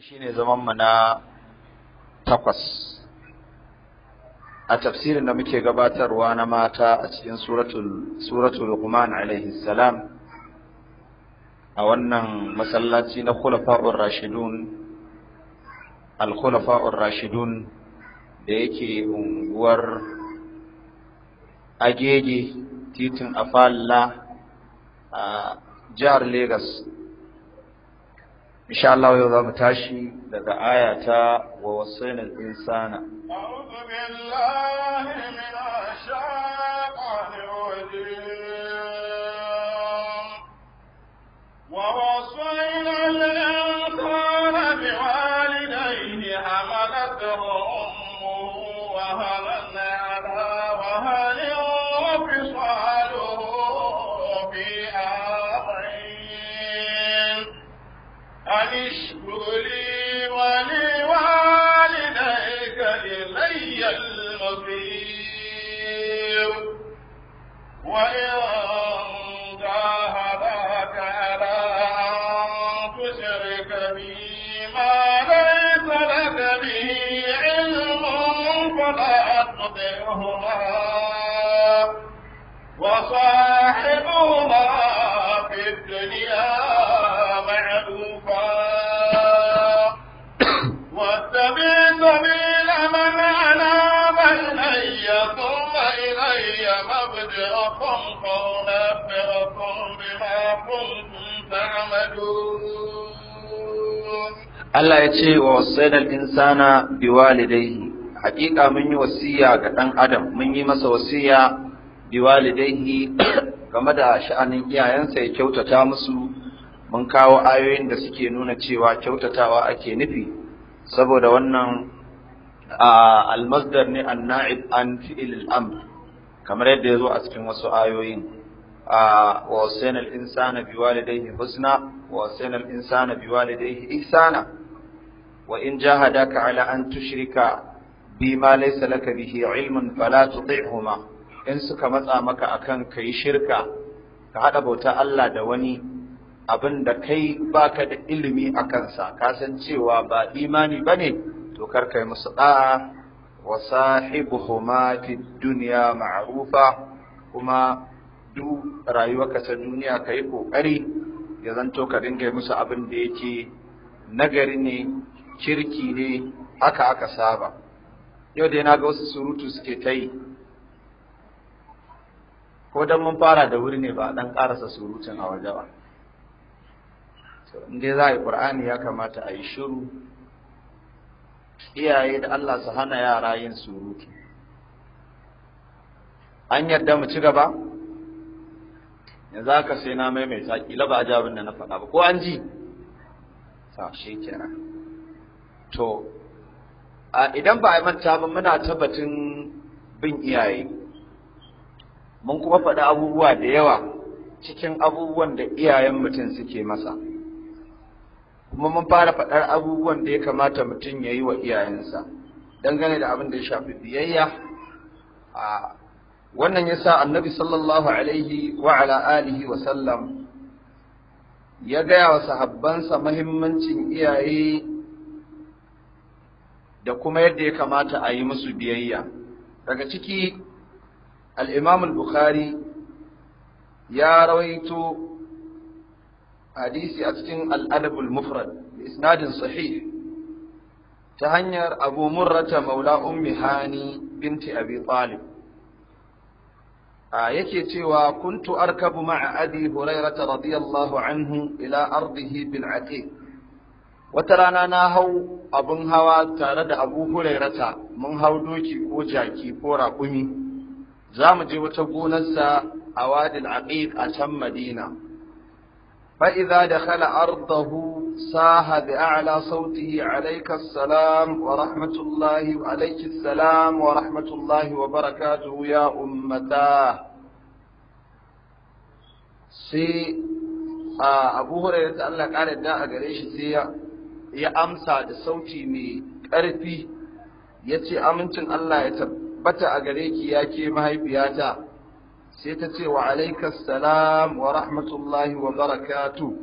wannan shine zaman mu na takwas a tafsirin da muke gabatarwa na mata a cikin suratul suratul Luqman alaihi salam a wannan masallaci na Khulafa'ur Rashidun Al-Khulafa'ur Rashidun da yake unguwar Agege titin Afalla a jihar Legas insha Allah yau tashi daga aya ta wa wasainal insana ووصينا الإنسان بوالديه حملته أمه لا يقدرهما وصاحبهما في الدنيا معروفا واتبع سبيل من أناب إلي ثم إلي مبدئكم فأنبئكم بما كنتم تعملون Allah ya ووصينا الإنسان بوالديه haƙiƙa mun yi wasiya ga ɗan adam mun yi masa wasiya biwalidaihi game da sha'anin iyayensa ya kyautata musu mun kawo ayoyin da suke nuna cewa kyautatawa ake nufi saboda wannan almasdar ne an na'ib an fi'il al'amr kamar yadda ya zo a cikin wasu ayoyin wa wasaina al-insana husna wa wasaina al ihsana wa in jahadaka ala an tushrika ma laysa laka bihi ilmun fala tuti'huma in suka matsa maka akan kai shirka ka hada bauta Allah da wani abin da kai baka da ilimi a kansa ka san cewa ba imani bane to kar kai musu da'a wa sahibuhuma fid dunya ma'rufa kuma duk ka ta duniya ka yi ƙoƙari ya zanto ka dinga musu abin da yake nagari ne kirki ne haka aka saba yau dai na ga wasu surutu suke ta yi ko dan mun fara da wuri ne ba a dan karasa surutun a waje ba in dai za a yi ƙur'ani ya kamata a yi shiru iyaye da Allah su hana yara yin surutu an yadda mu ci gaba yanzu haka sai na maimaita kila ba a ji da na faɗa ba ko an ji sa shi to idan ba a manta ba muna tabbatin bin iyaye mun kuma faɗi abubuwa da yawa cikin abubuwan da iyayen mutum suke masa kuma mun fara faɗar abubuwan da ya kamata mutum ya yi wa iyayensa dangane da abin da ya shafi biyayya a wannan ya sa annabi sallallahu alaihi wa ala alihi ya gaya wa sahabbansa mahimmancin iyaye da kuma yadda ya kamata a yi musu biyayya daga ciki al al-Bukhari ya rawaito hadisi a cikin al-Adab mufrad bi isnadin sahih ta hanyar Abu Murrata maula Ummi Hani binti Abi Talib yake cewa kuntu arkabu ma'a Abi Hurairah radiyallahu anhu ila ardihi bil Aqiq wata rana na hau abin hawa tare da abu hurairata mun hau doki ko jaki ko raƙumi za mu je wata gonarsa a wadil aqiq a can madina fa'iza da khala ardahu saha bi a'la sautihi alayka assalam wa rahmatullahi wa alayki assalam ummata sai ah, abu hurairata Allah ƙara da a gare shi sai ya amsa da sauti mai ƙarfi ya ce amincin Allah ya tabbata a gare ki ya ke mahaifiyata sai ta ce wa alaikas salam wa rahmatullahi wa barakatu